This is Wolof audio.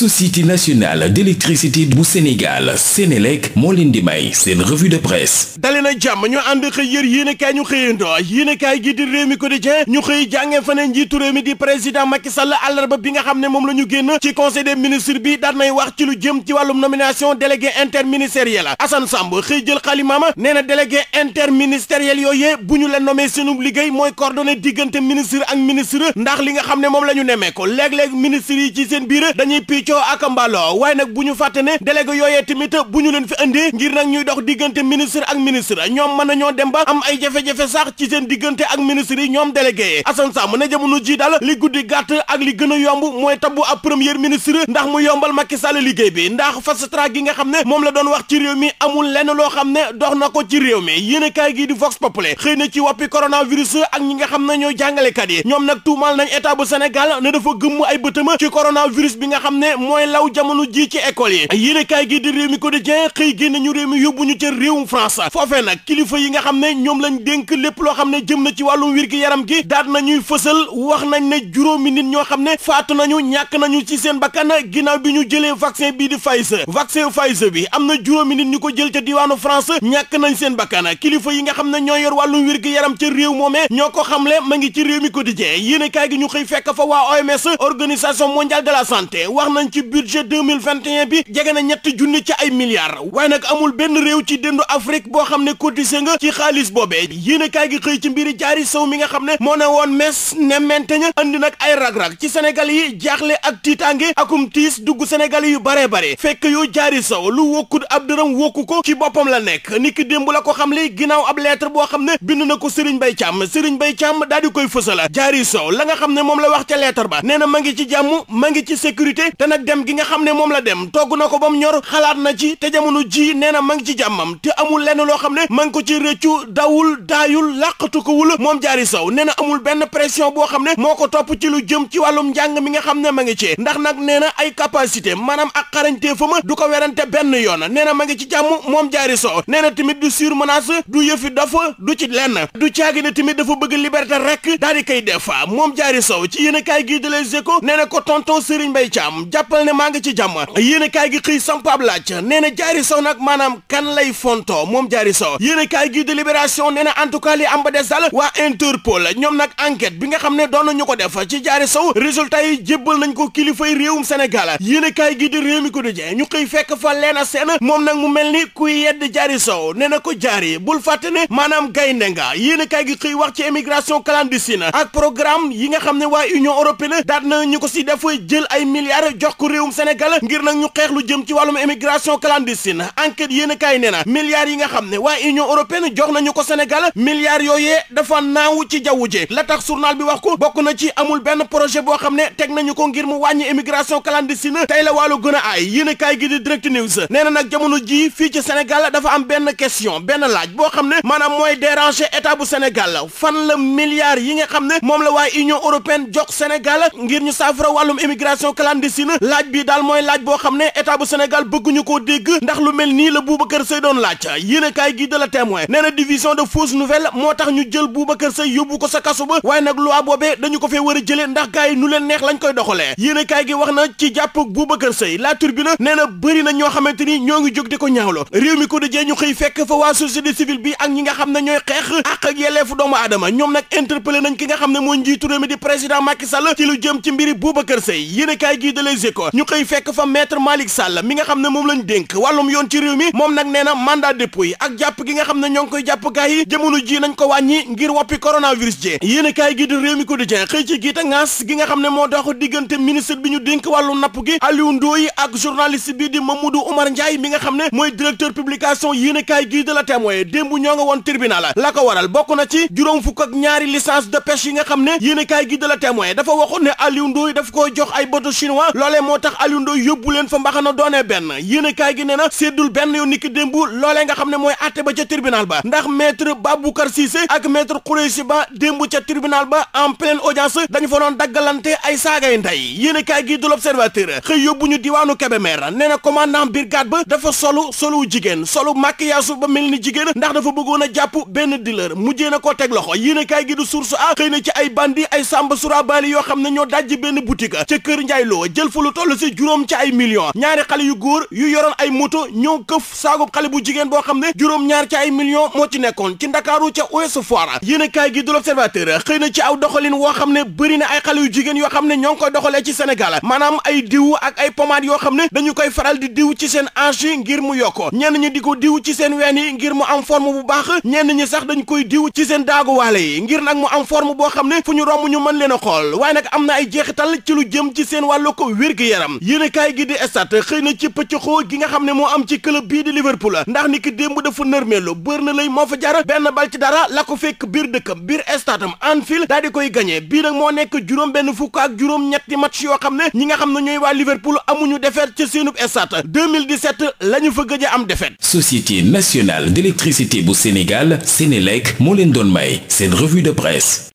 société nationale d'électricité bu Sénégal Sénélec moo leen di may seen revue de presse dali jàmm ñu ànd xëy yër yéenekaay ñu xëyandoo yéenekaay gi di réew mi quotidien ñu xëy jàngee fa njiitu réew mi di président Macky Sall àllarba bi nga xam ne moom la ñu génn ci conseil des ministres bi daan nay wax ci lu jëm ci wàllum nomination délégué interministériel Assane Samb xëy jël xalimaama nee na délégué interministériel yooyee bu ñu ne la ñu nemmeeko xëccoo ak mbaloo waaye nag bu ñu fàtte ne délégué yooyee tamit bu ñu leen fi indi ngir nag ñuy dox diggante ministre ak ministre ñoom mën nañoo dem ba am ay jafe-jafe sax ci seen diggante ak ministre yi ñoom délégué yi Assane Samb ne jamono ji daal li guddi gàtt ak li gën a yomb mooy tabbu ab premier ministre ndax mu yombal Macky Sall liggéey bi ndax fast track gi nga xam ne moom la doon wax ci réew mi amul lenn loo xam ne dox na ko ci réew mi yéen kaay gi di Vox Populi xëy na ci woppi coronavirus ak ñi nga xam ne ñooy jàngalekat yi ñoom nag tuumaal nañ état bu Sénégal ne dafa gëmm ay bëtëm bi nga xam ne mooy law jamono ji ci école yi yéene kaay gi di réew mi quotidien xëy génn ñu réew mi yóbbu ñu ca réewum France foofe nag kilifa yi nga xam ne ñoom lañ dénk lépp loo xam ne jëm na ci wàllum wér gi yaram gi daat nañuy fësal wax nañ ne juróomi nit ñoo xam ne faatu nañu ñàkk nañu ci seen bakkan ginnaaw bi ñu jëlee vaccin bii di Pfizer vaccin Pfizer bi am na juróomi nit ñu ko jël ca diwaanu France ñàkk nañ seen bakkan kilifa yi nga xam ne ñoo yor wàllum wér gi yaram ca réew moomee ñoo ko xamle ma ngi ci réew mi quotidien yéene kaay gi ñu xëy fekk fa waa OMS organisation mondiale de la santé wax nañ jëm ci budget 2021 bi jege na ñetti junni ci ay milliards waaye nag amul benn réew ci dëndu Afrique boo xam ne cotisé nga ci xaalis boobee yéen a kaay xëy ci mbiri jaari sow mi nga xam ne moo ne woon mes ne menteñ andi nag ay rag-rag ci Sénégal yi jaaxle ak tiitaange akum tiis dugg Sénégal yu baree bare fekk yoo jaari sow lu wokkut ab dërëm wokku ko ci boppam la nekk niki démb la ko xam li ginnaaw ab lettre boo xam ne bind na ko Serigne Mbaye Thiam Serigne bay Thiam daal di koy fësal jaari sow la nga xam ne moom la wax ca lettre ba nee na ma ngi ci jàmm ma ngi sécurité te dem gi nga xam ne moom la dem togg na ko ba mu ñor xalaat na ci te jamono ji nee na ma ngi ci jàmmam te amul lenn loo xam ne ma ngi ko ci rëccu dawul daayul làqatu ko wul moom jaari saw nee na amul benn pression boo xam ne moo ko topp ci lu jëm ci wàllum njàng mi nga xam ne ma ngi ci ndax nag nee na ay capacité maanaam ak xarañtee fa ma du ko werante benn yoon nee na ma ngi ci jàmm moom jaari saw nee na tamit du sur menace du yëfi dafa du ci lenn du caagi ne tamit dafa bëgg liberté rek daal di koy def moom jaari saw ci yéen a gii de les échos nee na ko tonton Serigne Mbaye Thiam jàppal ne maa ngi ci jàmm yéen a kaay gi xëy sampaab laaj nee na jaari sow nag maanaam kan lay fonto moom jaari sow yéen a kaay gi délibération nee na en tout cas ba des daal waa Interpol ñoom nag enquête bi nga xam ne doon nañu ko def ci jaari sow résultat yi jébbal nañ ko kilifay réewum Sénégal yéen a kaay gi di réew mi ko du ñu xëy fekk fa leena seen moom nag mu mel ni ku yedd jaari sow nee na ko jaari bul fàtte ne maanaam gaynde nga yéen a kaay gi xëy wax ci émigration clandestine ak programme yi nga xam ne waa Union na ñu ko si def jël ay milliards jox ko réewum Sénégal ngir nag ñu xeexlu jëm ci wàllum émigration clandestine enquête yéen a kaay nee na milliards yi nga xam ne waa Union européenne jox nañu ko Sénégal milliards yooyee dafa naaw ci jaww ji la tax journal bi wax ko bokk na ci amul benn projet boo xam ne teg nañu ko ngir mu wàññi émigration clandestine tey la wàllu gën a aay yéen kaay gi di direct news nee na nag jamono jii fii ci Sénégal dafa am benn question benn laaj boo xam ne maanaam mooy déranger état bu Sénégal fan la milliards yi nga xam ne moom la waa Union européenne jox Sénégal ngir ñu saafara wàllum immigration clandestine laaj bi daal mooy laaj boo xam ne état bu Sénégal bëgguñu ko dégg ndax lu mel nii la Boubacar Seye doon laaj yéenekaay gi de la témoin nee na division de fausses nouvelles moo tax ñu jël Boubacar Seye yóbbu ko sa kaso ba waaye nag loi boobee dañu ko fee war a jëlee ndax gars yi nu leen neex lañ koy doxalee yéenekaay gi wax na ci jàpp Boubacar Seye la turbine nee na bëri na ñoo xamante ni ñoo ngi jóg di ko ñaawlo réew mi ko dëjee ñu xëy fekk fa waa société ak ñi nga xam ne ñooy xeex àq ak yelleefu doomu aadama nag interpellé nañ ki nga xam ne mooy njiitu réew di président Macky Sall ci lu jëm ci mbiri Boubacar Seye yéenekaay gi de jëlee ko ñu xëy fekk fa maître Malick Sall mi nga xam ne moom lañ dénk wàllum yoon ci réew mi moom nag nee na mandat dépôt ak jàpp gi nga xam ne ñoo koy jàpp gaay yi jamono ji nañ ko wàññi ngir woppi coronavirus ji yéen a kaay gi di réew mi quotidien xëy ci giita ngaas gi nga xam mi nga xam ne mooy directeur publication yéen a kaay gi de la démb ñoo nga woon tribunal la ko waral bokk na ci juróom fukk ak ñaari licence de pêche yi nga xam ne yéen a kaay gi de la témoin dafa waxoon ne Aliou Ndoye daf ko jox ay bateau chinois loolee loolee moo tax Aliou Ndoye yóbbu leen fa mbaxana doonee benn kaa gi nee na séddul benn yoon niki démb loolee nga xam ne mooy àtte ba ca tribunal ba ndax maître Baboucar Cissé ak maître Khoureyssi Ba démb ca tribunal ba en pleine audience dañu fa noon daggalante ay saagay ndey yéenekaay gi du l'Observateur xëy yóbbu ñu diwaanu Kébémer nee na commandant brigade ba dafa solu solu jigéen solu maquillage ba mel ni jigéen ndax dafa bëggoon a jàpp benn dealer mujjee na koo teg loxo yéenekaay gi du source a xëy na ci ay bandi ay samba sura bali yoo xam ne ñoo dajji benn boutique ca kër Njaay Lo jël fa lu toll si juróom ci ay million ñaari xale yu góor yu yoroon ay moto ñëw këf saagub xale bu jigéen boo xam ne juróom-ñaar ci ay millions moo ci nekkoon ci ndakaaru ca Ouest Foire yéen a kaay gi du l'Observateur xëy na ci aw doxalin woo xam ne bëri na ay xale yu jigéen yoo xam ne ñoo ngi koy doxalee ci Sénégal maanaam ay diw ak ay pomade yoo xam ne dañu koy faral di diw ci seen hanche ngir mu yokk ñenn ñi di ko diw ci seen ween yi ngir mu am forme bu baax ñenn ñi sax dañ koy diw ci seen daaguwaale yi ngir nag mu am forme boo xam ne fu ñu romb ñu mën leen a xool waaye am na ay jeexital ci lu jëm ci seen wàllu ko wér wér-gu-yaram kaay gi di estat xëy na ci pëccëxoo gi nga xam ne moo am ci club bii di Liverpool ndax ni ki démb dafa nërmeelu bër na lay moo fa jara benn bal ci dara la ko fekk biir dëkkam biir estatam Anfield daal di koy gagné bii nag moo nekk juróom benn fukk ak juróom ñetti match yoo xam ne ñi nga xam ne ñooy waa Liverpool amuñu defet ca seenub estat 2017 la ñu fa gëj a am defet Société nationale d'électricité bu Sénégal Sénélec moo leen doon may seen revue de presse